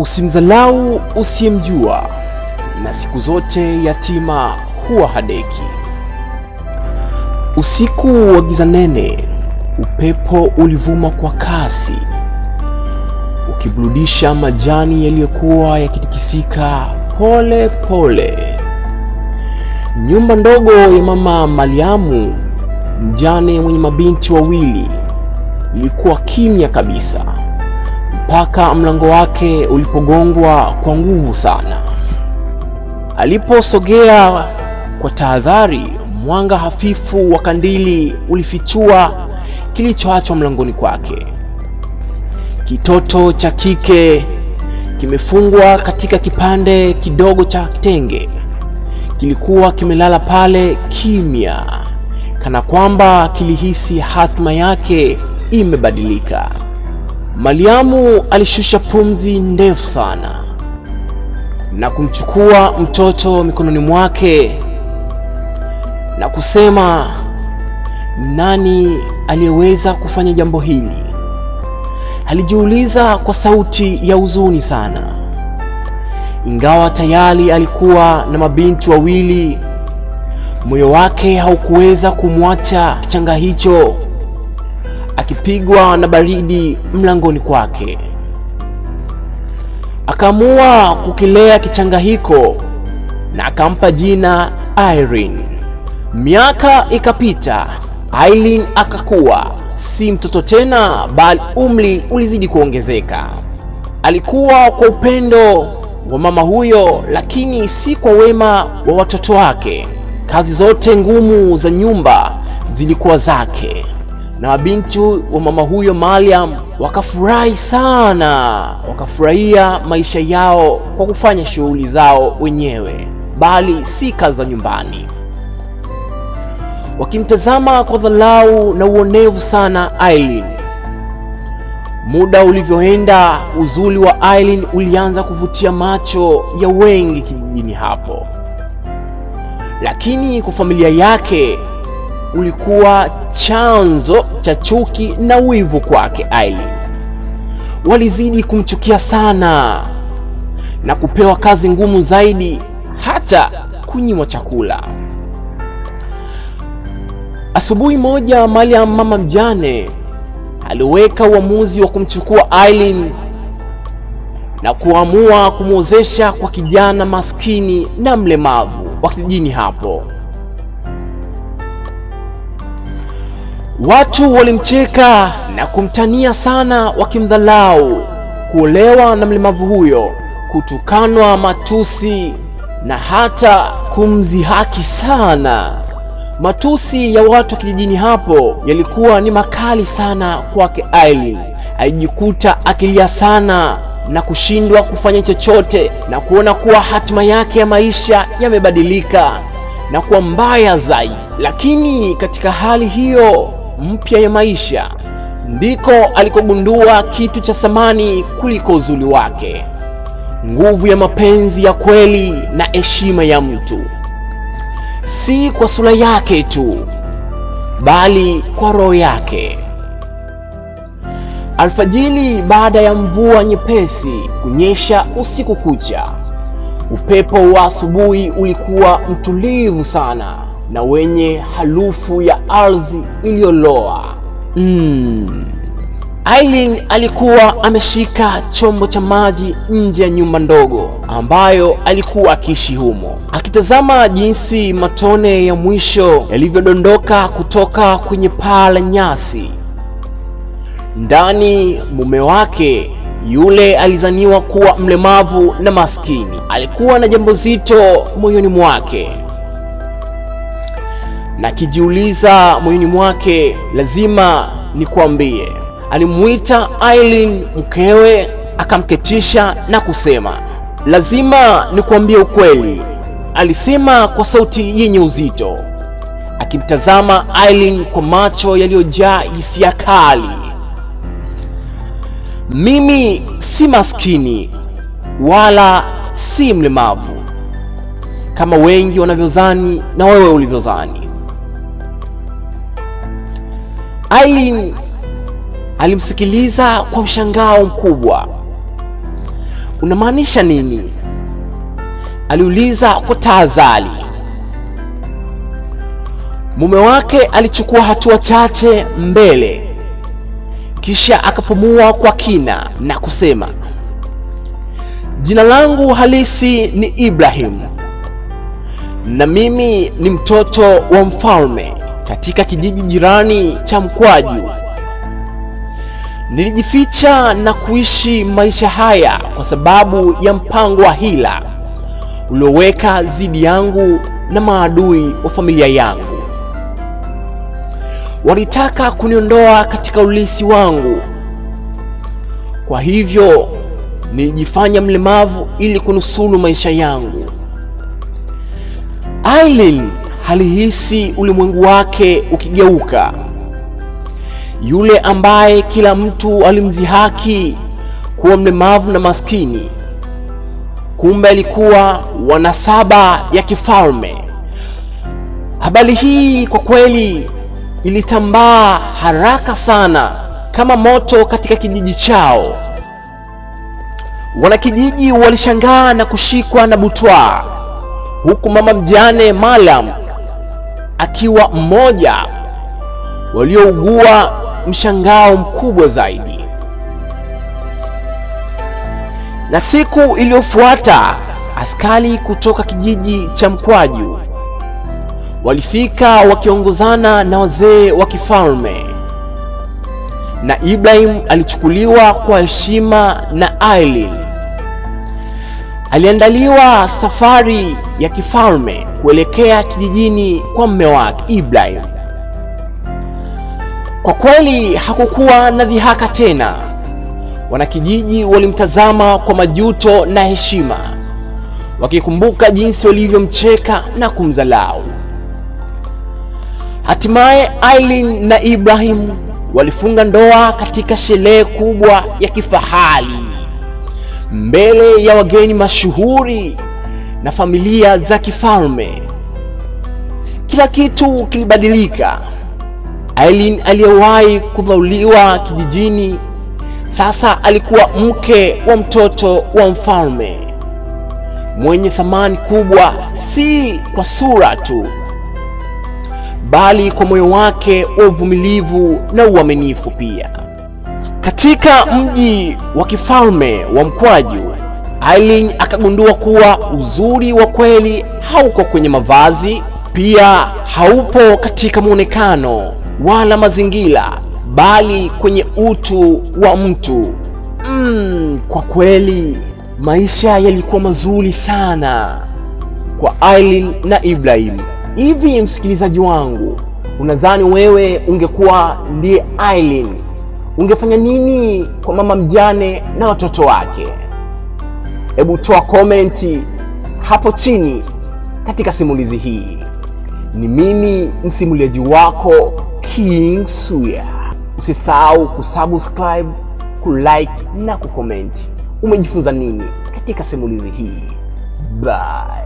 Usimdhalau usiyemjua, na siku zote yatima huwa hadeki. Usiku wa giza nene, upepo ulivuma kwa kasi, ukiburudisha majani yaliyokuwa yakitikisika pole pole. Nyumba ndogo ya mama Mariamu, mjane mwenye mabinti wawili, ilikuwa kimya kabisa mpaka mlango wake ulipogongwa kwa nguvu sana. Aliposogea kwa tahadhari, mwanga hafifu wa kandili ulifichua kilichoachwa mlangoni kwake. Kitoto cha kike kimefungwa katika kipande kidogo cha tenge. Kilikuwa kimelala pale kimya, kana kwamba kilihisi hatima yake imebadilika. Mariamu alishusha pumzi ndefu sana na kumchukua mtoto mikononi mwake na kusema, nani aliyeweza kufanya jambo hili? Alijiuliza kwa sauti ya huzuni sana, ingawa tayari alikuwa na mabinti wawili. Moyo wake haukuweza kumwacha kichanga hicho akipigwa na baridi mlangoni kwake. Akaamua kukilea kichanga hiko na akampa jina Irene. Miaka ikapita, Irene akakuwa si mtoto tena, bali umri ulizidi kuongezeka. Alikuwa kwa upendo wa mama huyo, lakini si kwa wema wa watoto wake. Kazi zote ngumu za nyumba zilikuwa zake na binti wa mama huyo Mariam wakafurahi sana, wakafurahia maisha yao kwa kufanya shughuli zao wenyewe, bali si kazi za nyumbani, wakimtazama kwa dharau na uonevu sana Aileen. Muda ulivyoenda, uzuri wa Aileen ulianza kuvutia macho ya wengi kijijini hapo, lakini kwa familia yake ulikuwa chanzo cha chuki na wivu kwake Aileen. Walizidi kumchukia sana na kupewa kazi ngumu zaidi, hata kunyimwa chakula. Asubuhi moja, mali ya mama mjane aliweka uamuzi wa kumchukua Aileen na kuamua kumwozesha kwa kijana maskini na mlemavu wa kijijini hapo. Watu walimcheka na kumtania sana, wakimdhalau, kuolewa na mlemavu huyo, kutukanwa matusi na hata kumdhihaki sana. Matusi ya watu wa kijijini hapo yalikuwa ni makali sana kwake Aileen. Alijikuta akilia sana na kushindwa kufanya chochote na kuona kuwa hatima yake ya maisha yamebadilika na kuwa mbaya zaidi. Lakini katika hali hiyo mpya ya maisha, ndiko alikogundua kitu cha thamani kuliko uzuri wake, nguvu ya mapenzi ya kweli na heshima ya mtu, si kwa sura yake tu, bali kwa roho yake. alfajili baada ya mvua nyepesi kunyesha usiku kucha, upepo wa asubuhi ulikuwa mtulivu sana na wenye harufu ya ardhi iliyoloa. Mm. Aileen alikuwa ameshika chombo cha maji nje ya nyumba ndogo ambayo alikuwa akiishi humo, akitazama jinsi matone ya mwisho yalivyodondoka kutoka kwenye paa la nyasi. Ndani, mume wake yule alizaniwa kuwa mlemavu na maskini alikuwa na jambo zito moyoni mwake na kijiuliza moyoni mwake, lazima nikwambie. Alimwita Aileen mkewe, akamketisha na kusema, lazima nikwambie ukweli, alisema kwa sauti yenye uzito, akimtazama Aileen kwa macho yaliyojaa hisia kali. Mimi si maskini wala si mlemavu kama wengi wanavyozani na wewe ulivyozani Aileen alimsikiliza kwa mshangao mkubwa. Unamaanisha nini? aliuliza kwa tahadhari. Mume wake alichukua hatua chache mbele, kisha akapumua kwa kina na kusema, jina langu halisi ni Ibrahim na mimi ni mtoto wa mfalme katika kijiji jirani cha Mkwaju. Nilijificha na kuishi maisha haya kwa sababu ya mpango wa hila ulioweka dhidi yangu na maadui wa familia yangu. Walitaka kuniondoa katika ulisi wangu, kwa hivyo nilijifanya mlemavu ili kunusuru maisha yangu. Aileen halihisi ulimwengu wake ukigeuka. Yule ambaye kila mtu alimdhihaki kuwa mlemavu na maskini, kumbe alikuwa wa nasaba ya kifalme. Habari hii kwa kweli ilitambaa haraka sana kama moto katika kijiji chao. Wanakijiji walishangaa na kushikwa na butwaa, huku mama mjane malam akiwa mmoja waliougua mshangao mkubwa zaidi. Na siku iliyofuata askari kutoka kijiji cha Mkwaju walifika wakiongozana na wazee wa kifalme, na Ibrahim alichukuliwa kwa heshima na Aileen Aliandaliwa safari ya kifalme kuelekea kijijini kwa mme wake Ibrahim. Kwa kweli hakukuwa na dhihaka tena. Wanakijiji walimtazama kwa majuto na heshima, wakikumbuka jinsi walivyomcheka na kumzalau Hatimaye Aileen na Ibrahim walifunga ndoa katika sherehe kubwa ya kifahari mbele ya wageni mashuhuri na familia za kifalme. Kila kitu kilibadilika. Aileen aliyewahi kudhauliwa kijijini sasa alikuwa mke wa mtoto wa mfalme mwenye thamani kubwa, si kwa sura tu, bali kwa moyo wake wa uvumilivu na uaminifu pia. Katika mji wa kifalme wa mkwaju, Aileen akagundua kuwa uzuri wa kweli hauko kwenye mavazi, pia haupo katika muonekano wala mazingira, bali kwenye utu wa mtu. Mm, kwa kweli maisha yalikuwa mazuri sana kwa Aileen na Ibrahim. Hivi msikilizaji wangu, unadhani wewe ungekuwa ndiye Aileen ungefanya nini kwa mama mjane na watoto wake? Hebu toa komenti hapo chini katika simulizi hii. Ni mimi msimuliaji wako King Suya. Usisahau kusubscribe, kulike na kukomenti. Umejifunza nini katika simulizi hii? Bye.